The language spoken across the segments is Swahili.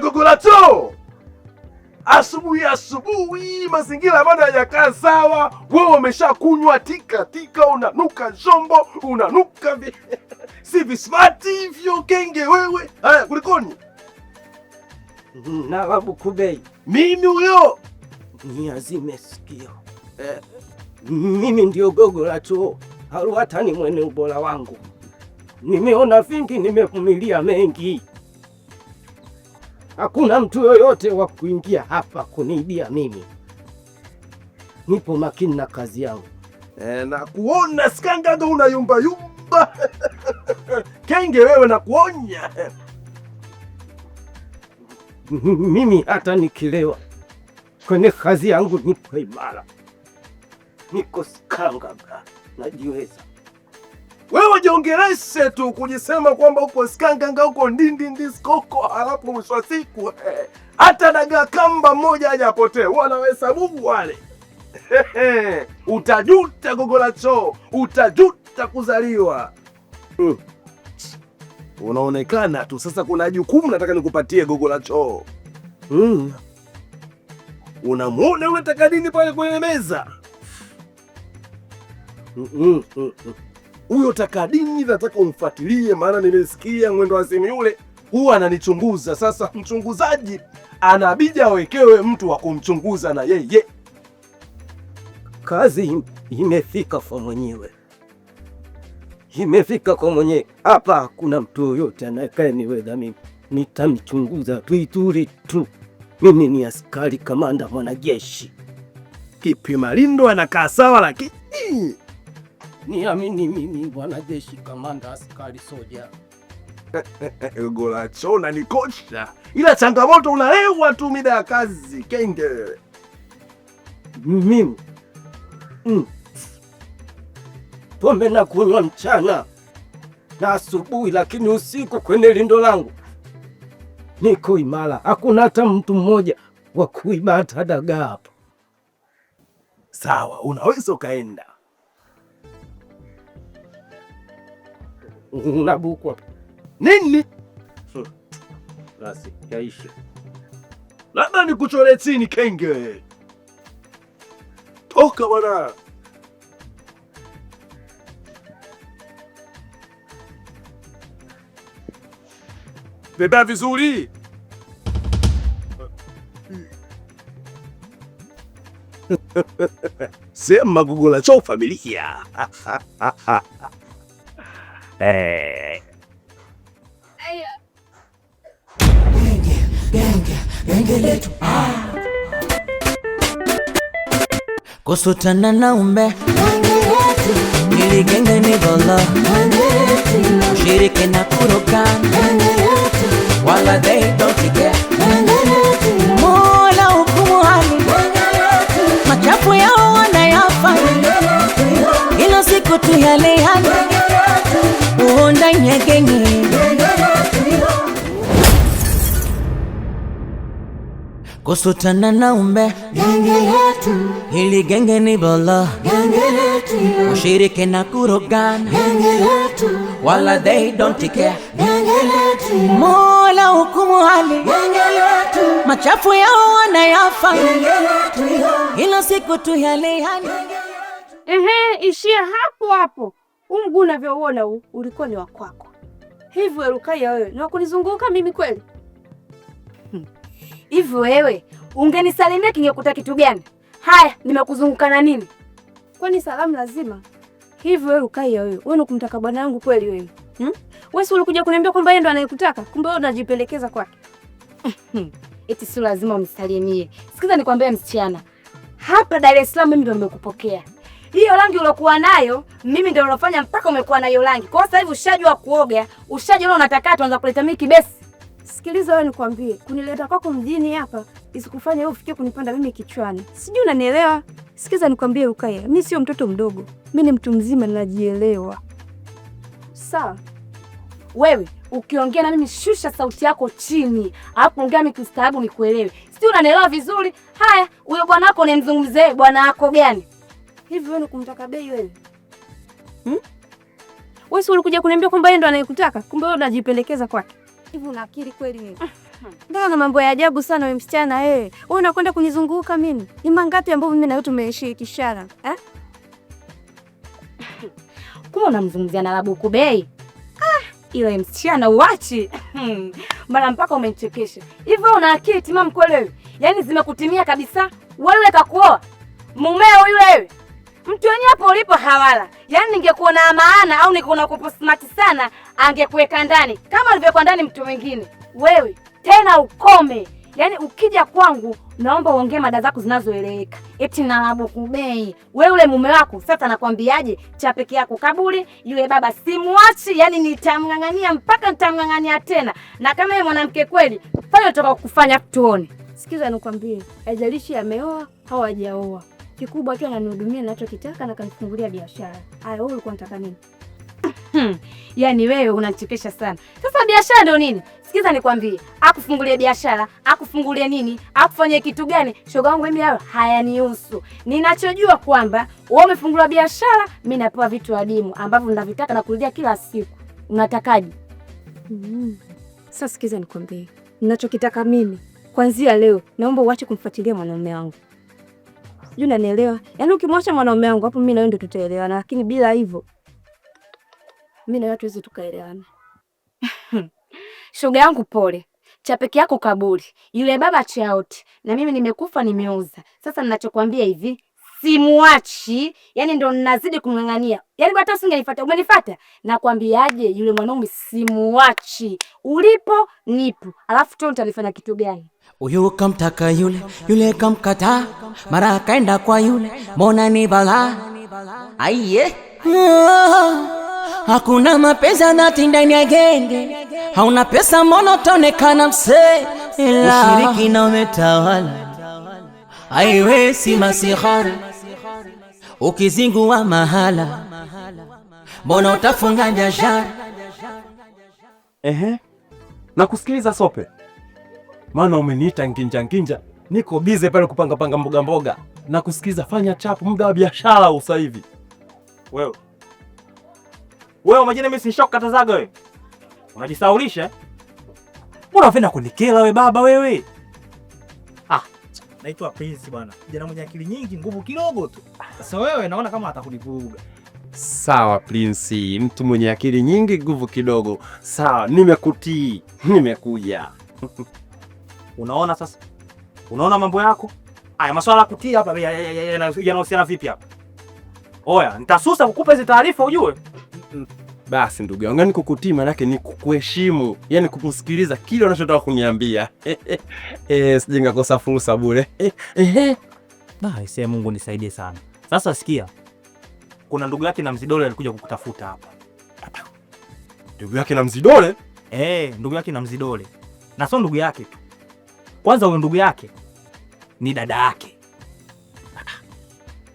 gugula tu asubuhi asubuhi, mazingira bado hayakaa sawa. Wewe umeshakunywa tika tika, unanuka jombo, unanuka vi... si vismati hivyo kenge wewe. Haya, kulikoni? na babu kubei mimi huyo niazime sikio eh, mimi ndio gogo la choo ni mwene ubora wangu nimeona vingi, nimevumilia mengi Hakuna mtu yoyote wa kuingia hapa kuniibia mimi. Nipo makini na kazi yangu. E, na kuona skanga ndo una yumba yumba. Kenge wewe na kuonya. Mimi hata nikilewa kwenye kazi yangu nipo imara, niko skanga, najiweza. Wewe jiongereshe tu kujisema kwamba uko skanganga uko ndindindiskoko, halafu mwisho wa siku eh, hata daga kamba mmoja hajapotea, apotee, wanawesa wale utajuta gogola choo, utajuta kuzaliwa. Uh, unaonekana tu sasa. Kuna jukumu nataka nikupatie gogo la choo. Mm, unamwona unataka nini pale kwenye meza? Mm -mm, mm -mm huyo takadini nataka umfuatilie, maana nimesikia mwendo wazimu yule huwa ananichunguza. Sasa mchunguzaji anabidi awekewe mtu wa kumchunguza na yeye. Kazi imefika kwa mwenyewe, imefika kwa mwenyewe. Hapa hakuna mtu yoyote anayekae niweza mimi, nitamchunguza tuituri tu. Mimi ni askari kamanda mwanajeshi. Kipi Malindo anakaa sawa, lakini niamini mimi, bwana jeshi, kamanda, askari, soja. Eh, eh, eh, chona ni kocha, ila changamoto unalewa tu mida ya kazi kenge mimi mm. pombe na kunywa mchana na asubuhi, lakini usiku kwenye lindo langu niko imara, hakuna hata mtu mmoja wa kuibata dagaa hapa. Sawa, unaweza ukaenda unabukwa nini? Hmm. Basi yaisha, labda nikuchore chini kenge. Toka bwana. Beba vizuri. Sema gugola cho familia kusutana na umbe ili genge ni bolo ushiriki na kuruka wala they don't care Mola hukumu hali yao wanayafanya ilo siku tu kwenye Kusutana na umbe genge letu, hili genge ni bolo genge letu, ushirike na kurogana genge letu, wala they don't care genge letu, Mola hukumu hali genge letu, machafu yao wanayafa genge letu, hilo siku tu yale yale. Ehe, ishia hapo hapo. Huu mguu unavyouona huu ulikuwa ni wa kwako. Hivyo Rukaiya, wewe ni wa kunizunguka mimi kweli? Hmm. Hivyo wewe ungenisalimia kingekuta kitu gani? Haya, nimekuzunguka na nini? Kwani salamu lazima? Hivyo wewe Rukaiya, wewe wewe kumtaka bwana yangu kweli wewe? Hmm? Wewe si ulikuja kuniambia kwamba yeye ndo anayekutaka? Kumbe wewe unajipelekeza kwake. Hmm. Eti si lazima umsalimie. Sikiza nikwambie msichana. Hapa Dar es Salaam mimi ndo nimekupokea hiyo rangi uliokuwa nayo mimi ndio nilofanya mpaka umekuwa na hiyo rangi. Kwa sasa hivi ushajua kuoga, ushajua unataka tuanza kuleta mimi kibesi. Sikiliza wewe, nikwambie, kunileta kwako mjini hapa isikufanye wewe ufikie kunipanda mimi kichwani, sijui unanielewa? Sikiza nikwambie, ukae. mimi sio mtoto mdogo, mimi ni mtu mzima, ninajielewa sawa. Wewe ukiongea na mimi shusha sauti yako chini, alafu ongea mimi kistaabu nikuelewe, sijui unanielewa vizuri? Haya, huyo bwana wako unamzungumzia bwana wako gani? Hivi wewe unakumtaka bei wewe? Hmm? Wewe si ulikuja kuniambia kwamba yeye ndo anayekutaka? Kumbe wewe unajipendekeza kwake. Hivi una akili kweli wewe? Ndio na mambo ya ajabu sana wewe msichana eh. Wewe unakwenda kunizunguka mimi. Ni mangapi ambapo mimi na wewe tumeishi kishara? Eh? Kama unamzungumzia na labu kubei. Ah, ile msichana uachi. Mara mpaka umenichekesha. Hivi una akili timamu kweli wewe? Yaani zimekutimia kabisa. Wewe kakuoa. Mumeo yule wewe mtu wenyewe hapo ulipo hawala. Yaani ningekuwa na maana au ningekuwa kupo smart sana, angekuweka ndani kama alivyokuwa ndani mtu mwingine. Wewe tena ukome. Yaani ukija kwangu naomba uongee mada zako zinazoeleweka. Eti na labu Bey. Wewe ule mume wako sasa nakwambiaje? Cha peke yako kaburi, yule baba simuachi, yani nitamng'ang'ania mpaka nitamng'ang'ania tena. Na kama yeye mwanamke kweli, fanya utaka kufanya tuone. Sikiza nikwambie, haijalishi ameoa au hajaoa kikubwa tu ananihudumia ninachokitaka na kanifungulia biashara. Aya, wewe ulikuwa unataka nini? Yaani wewe unachekesha sana. Sasa biashara ndio nini? Sikiza nikwambie, akufungulie biashara, akufungulie nini, akufanye kitu gani? Shoga wangu mimi hayo hayanihusu. Ninachojua kwamba wewe umefungua biashara, mimi napewa vitu adimu ambavyo ninavitaka na kurudia kila siku. Unatakaje? Mm. Sasa sikiza nikwambie, ninachokitaka mimi kuanzia leo, naomba uache kumfuatilia mwanaume wangu. Sijui unanielewa? Yaani ukimwacha mwanaume wangu hapo mimi na wewe ndio tutaelewana, lakini bila hivyo mimi na wewe hatuwezi tukaelewana. Shoga yangu pole. Cha peke yako kaburi. Yule baba chaoti Na mimi nimekufa nimeuza. Sasa ninachokwambia hivi, simuachi, yani ndo nazidi kumng'ang'ania. Yani hata usingenifuata, umenifuata. Nakwambiaje, yule mwanaume simuachi, ulipo nipo. Alafu tu utanifanya kitu gani? uyu kamtaka yule, yule kamkata mara akaenda kwa yule, mbona ni bala Aiye, ah, hakuna mapenzi anati ndani ya genge, hauna pesa mbona utaonekana mse, ushiriki na umetawala. Aiwe si masihara ukizingua mahala, mbona utafunga biashara? Ehe, na kusikiliza Sope, maana umeniita nginja nginja, niko bize pale kupangapanga mboga mboga na kusikiliza. Fanya chapu, muda wa biashara usa hivi. Wewe wewe, majina mimi sinishakukatazaga wewe, unajisaulisha. Mbona unapenda kunikela we baba wewe naitwa Prince bwana, kijana mwenye akili nyingi, nguvu kidogo tu. Sasa wewe naona kama atakulivuruga. Sawa Prince, mtu mwenye akili nyingi, nguvu kidogo. Sawa, nimekutii, nimekuja. Unaona sasa, unaona mambo yako haya, maswala ya kutii hapa yanahusiana vipi hapa? Oya, nitasusa kukupa hizi taarifa ujue. Basi ndugu yangu, yani kukutii maanake ni kukuheshimu, yani kukusikiliza kile unachotaka kuniambia. E, eh, eh, eh, sije ngakosa fursa bure. Baise, ee Mungu nisaidie sana. Sasa sikia, kuna ndugu yake na Mzidole alikuja kukutafuta hapa. Ndugu yake na Mzidole? Eh, ndugu yake na Mzidole, na sio ndugu yake tu. Kwanza huyo ndugu yake ni dada yake,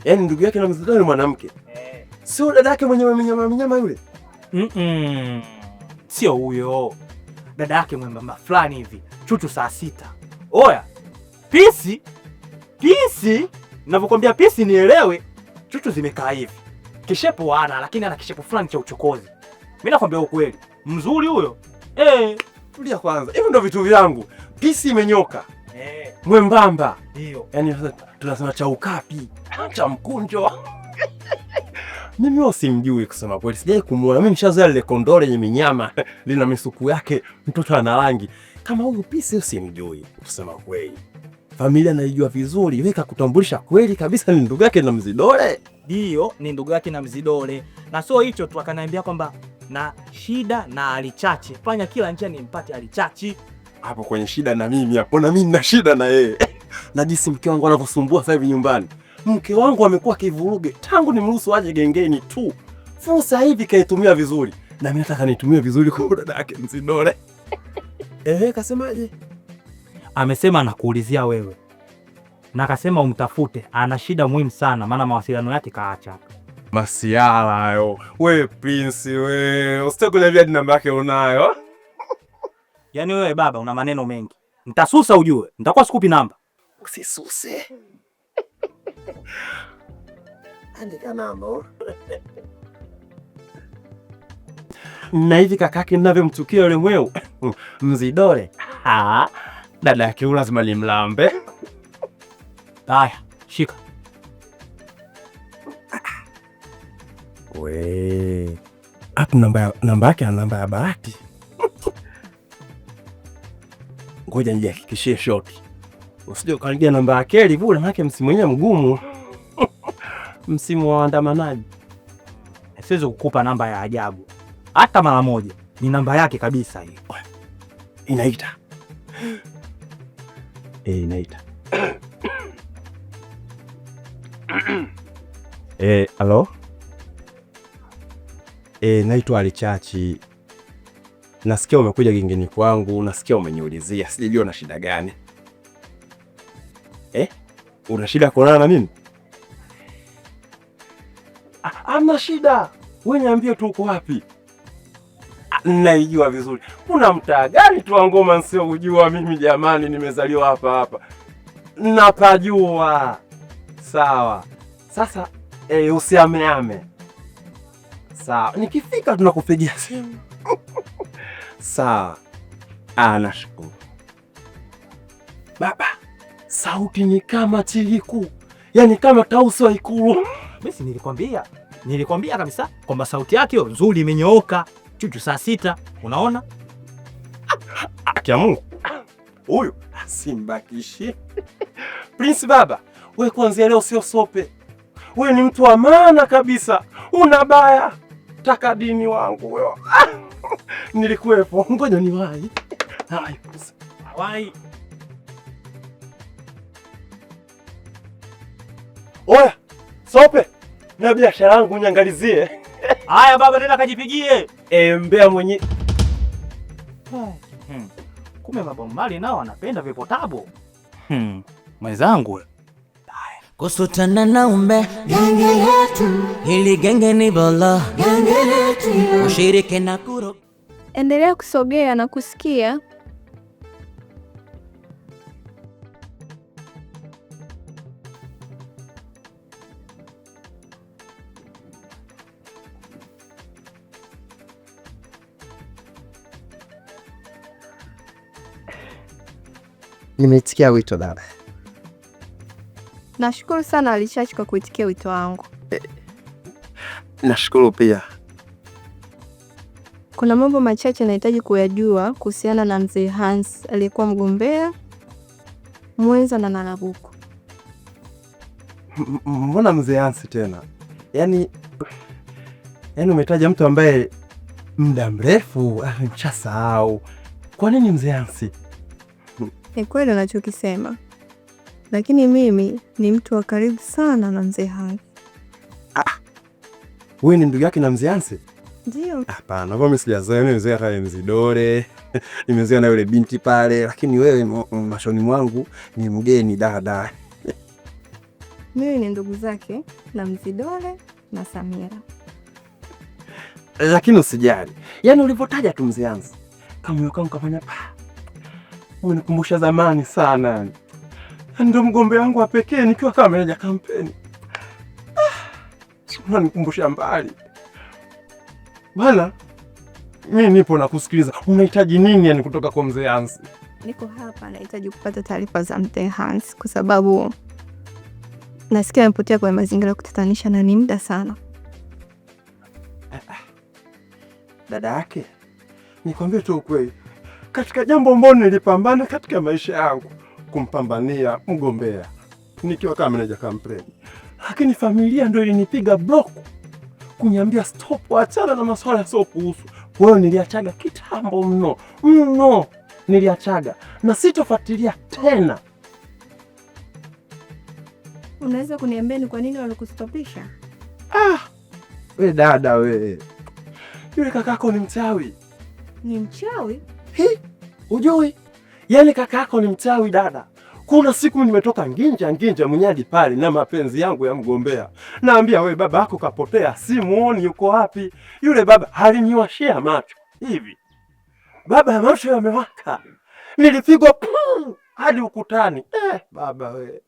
yaani ndugu yake na Mzidole ni mwanamke, sio dada yake mwenye mnyama mnyama yule mm -mm. Sio huyo dada yake mwembamba fulani hivi chuchu saa sita. Oya pisi pisi, navyokwambia pisi nielewe, chuchu zimekaa hivi, kishepo ana lakini ana kishepo fulani cha uchokozi. Mimi nakwambia ukweli, mzuri huyo eh. Tulia kwanza, hivi ndo vitu vyangu. Pisi imenyoka eh, mwembamba, ndio yani tunasema cha ukapi cha mkunjo mimi wao simjui kusema kweli, sijai kumuona. Mimi nishazoea lile kondoo lenye minyama lina misuku yake, mtoto ana rangi kama huyu. Pisi simjui kusema kweli, familia naijua vizuri. weka kutambulisha kweli kabisa, ni ndugu yake na Mzidole. Ndio, ni ndugu yake na Mzidole, na sio hicho tu, akaniambia kwamba na shida na alichache, fanya kila njia nimpate Alichachi. Hapo kwenye shida na mimi hapo, na mimi na shida na yeye na jinsi mke wangu anavyosumbua sasa hivi nyumbani mke wangu amekuwa kivuruge tangu nimruhusu aje gengeni tu. Fursa hivi kaitumia vizuri, na mimi nataka nitumie vizuri kwa dada yake Mzidore. Ehe, kasemaje? Amesema anakuulizia wewe na akasema umtafute, ana shida muhimu sana, maana mawasiliano yake kaacha. Masiala hayo pinsi Prince wewe, usitaki kuniambia namba yake unayo? Yaani wewe baba, una maneno mengi, nitasusa ujue, nitakuwa sikupi namba. Usisuse na hivi kakake navyomchukia yule mweu mzidole dada yake huyu lazima nimlambe. Haya, shika Wee. hapo namba yake, namba ya bahati. Ngoja nijihakikishie shoti Usije ukalegea namba ya Keli bure, maana msimu wenyewe mgumu. Msimu wa waandamanaji. Siwezi kukupa namba ya ajabu hata mara moja, ni namba yake kabisa hii. Inaita eh, inaita eh, halo eh, naitwa Alichachi. Nasikia umekuja gingini kwangu, nasikia umeniulizia, sijajua na shida gani eh? Una shida kuonana na mimi? Ah, hamna shida, wewe niambie tu uko wapi? Ah, naijua vizuri. kuna mtaa gani tu wa Ngoma sio ujua? Mimi jamani, nimezaliwa hapa hapa, napajua. Sawa, sasa e, usiameame. Sawa, nikifika tunakupigia simu sawa. Ah, nashukuru baba sauti ni kama chiliku, yani kama tausi wa Ikulu. Mimi nilikwambia, nilikwambia kabisa kwamba sauti yake hiyo nzuri, imenyooka chuchu. Saa sita unaona, mungu huyu simbakishi Prince baba, we kuanzia leo sio sope, we ni mtu wa maana kabisa, una baya taka dini wangu wewe. Nilikuwepo, ngoja niwahi. Hai, wahi Oya Sope, na biashara yangu niangalizie. Haya baba, nenda kajipigie E, mbea mwenye. Hmm. Kumbe baba mbali nao anapenda vipotabo hmm. Mwenzangu kusutana na umbe genge yetu, hili genge ni bolo genge yetu, ushirike na kuro. Endelea kusogea na kusikia Nimeitikia wito dada. Nashukuru sana Alishachi kwa kuitikia wito wangu. Nashukuru pia. Kuna mambo machache nahitaji kuyajua kuhusiana na mzee Hans aliyekuwa mgombea mwenza na Narabuku. Mbona mzee Hans tena? Yaani, yaani umetaja mtu ambaye muda mrefu nishasahau. Kwa nini mzee hansi ni kweli anachokisema, lakini mimi ni mtu wa karibu sana na mzee Hansi. Ah, wewe ni ndugu yake na mzee Hansi? Ndio. Hapana, ah, mimi sijazoea. Mimi mzee kale mzidore nimezoea na yule binti pale, lakini wewe mashoni mwangu ni mgeni dada. Mimi ni ndugu zake na mzidore na Samira. Lakini usijali, yaani ulivyotaja tu mzee Hansi kamoyo kangu kafanya pa umenikumbusha zamani sana, yaani ndio mgombea wangu wa pekee nikiwa kama meneja kampeni. Ah, unanikumbusha mbali bwana. Mi nipo na kusikiliza. Unahitaji nini yani kutoka kwa mzee Hans? Niko hapa, nahitaji kupata taarifa za mzee Hans kwa sababu nasikia amepotea kwenye mazingira ya kutatanisha na ni muda sana. Ah, ah. Dada yake, nikwambie tu ukweli katika jambo ambalo nilipambana katika maisha yangu kumpambania mgombea nikiwa kama meneja kampeni, lakini familia ndio ilinipiga block kuniambia stop, achana na masuala yasiokuhusu. Kwa hiyo niliachaga kitambo mno mno, niliachaga na sitofuatilia tena. Unaweza kuniambia ni kwa nini walikustopisha? Ah, we dada we, yule kakako ni mchawi. Ni mchawi? Hi, ujui yaani kaka yako ni mchawi dada. Kuna siku nimetoka nginja nginja mnyadi pale na mapenzi yangu ya mgombea, naambia we baba yako kapotea, simuoni yuko wapi. Yule baba aliniwashia macho hivi, baba ya macho yamewaka, nilipigwa pum hadi ukutani. Eh, baba we,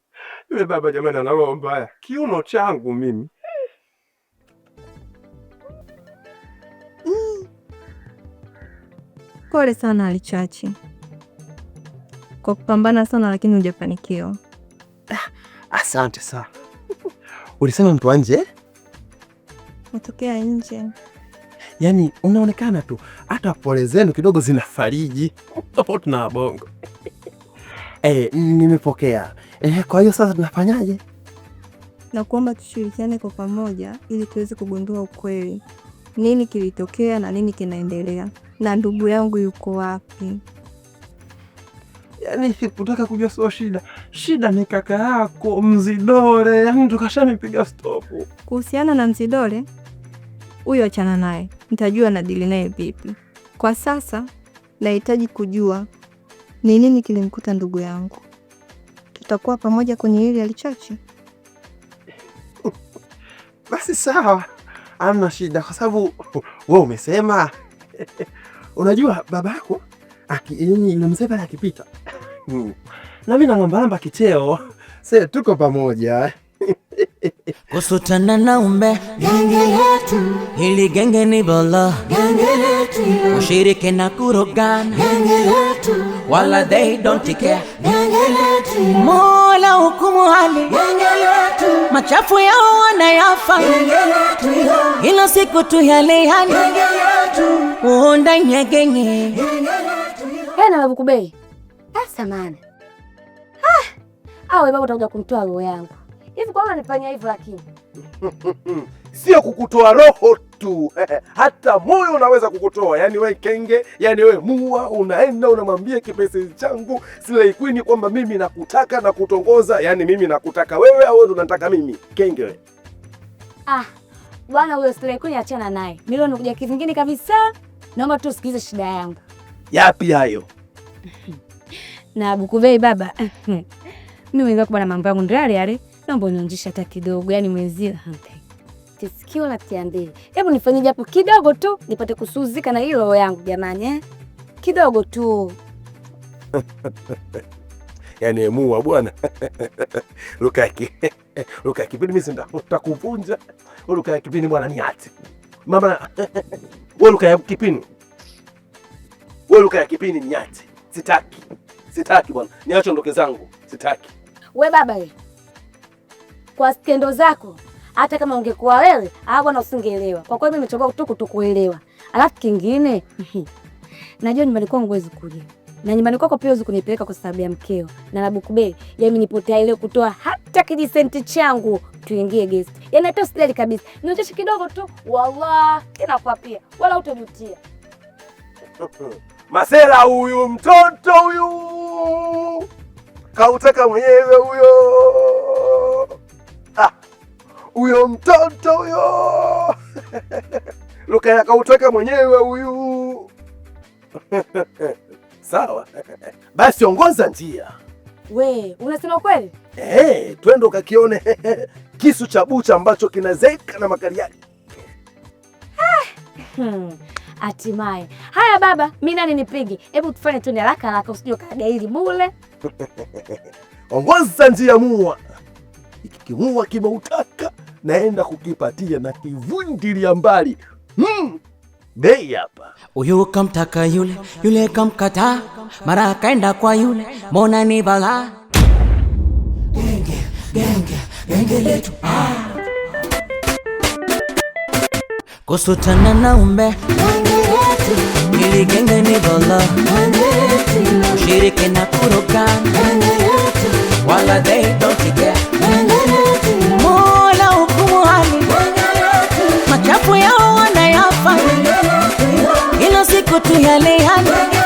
yule baba jamani, ana roho mbaya, kiuno changu mimi Pole sana Alichachi kwa kupambana sana, lakini hujafanikiwa. Ah, asante sana. Ulisema mtu wa nje natokea nje, yaani unaonekana tu, hata pole zenu kidogo zina fariji tofauti na wabongo. E, nimepokea. E, kwa hiyo sasa tunafanyaje? na kuomba tushirikiane kwa pamoja ili tuweze kugundua ukweli, nini kilitokea na nini kinaendelea na ndugu yangu yuko wapi? yani sikutaka kujua, sio shida. Shida ni kaka yako Mzidore, yaani tukashamipiga stopu. Kuhusiana na Mzidore huyo, achana naye, nitajua na naye vipi. Kwa sasa nahitaji kujua ni nini kilimkuta ndugu yangu. Tutakuwa pamoja kwenye hili alichoche. Basi sawa, amna shida, kwa sababu wewe umesema Unajua babako yule mzee pale akipita nami nang'ambalamba kicheo, se tuko pamoja kusutana na umbe genge letu, hili genge ni bolo genge letu, ushirike na kurogana genge letu, wala they don't care genge letu, mola hukumu hali genge letu, machafu yao wanayafa genge letu, ila siku tu genge yale ondanyegenye hena Bavukubei asamana awe baba, utakuja kumtoa roho yangu hivi kwa unanifanyia hivyo? Lakini sio kukutoa roho tu hata moyo unaweza kukutoa. Yaani we kenge, yani we mua, unaenda unamwambia kipenzi changu Slay Queen kwamba mimi nakutaka na kutongoza, yani mimi nakutaka wewe au unataka mimi kenge we. Ah bwana huyo Slekoni, achana naye. Milo nakuja kizingine kabisa, naomba tu usikilize shida yangu. Yapi hayo? na bukuvei baba mi wenzako kubana mambo yangu ndio yale yale, naomba unionjeshe hata kidogo, yani mwenzia tisikio la tiambi, Hebu nifanyie japo kidogo tu nipate kusuzika na hilo yangu jamani, eh? kidogo tu yani mua bwana Lukaki ya pili mimi sitakuta kuvunja luka ya kipini bwana ni ati mama wewe ya kipini wewe ya kipini ni ati sitaki sitaki bwana niache ndoke zangu sitaki we baba ye. kwa skendo zako hata kama ungekuwa wewe ah bwana usingeelewa kwa kweli mimi nimechagua tu kutokuelewa alafu kingine najua nyumbani kwangu huwezi kuja na nyumbani kwako pia kunipeleka kwa sababu ya mkeo na Nabukube. yani nipotea ile kutoa hata kijisenti changu tuingie guest. Yaani hata usijali kabisa. Niojeshe kidogo tu. Wallah, kwa pia. Wala utajutia. Masela huyu mtoto huyu. Kautaka mwenyewe huyo. Ah. Huyo mtoto huyo. Luka kautaka mwenyewe huyu. Sawa basi, ongoza njia. We unasema kweli? Hey, eh, twende ukakione kisu cha bucha ambacho kinazeka na makali yake. Ah, hmm. Hatimaye hmm. Haya baba, mi nani nipigi? Hebu tufanye tu ni haraka haraka, usije ukagaili bule ongoza njia, mua kimua kimeutaka, naenda kukipatia na kivundilia mbali hmm bei hapa. Uyu kamtaka yule, yule kamkata, mara kaenda kwa yule, mbona ni bala Genge, genge, genge letu Kusutana na umbe ili genge ni na kuruka wala they don't कुछ हले ले हम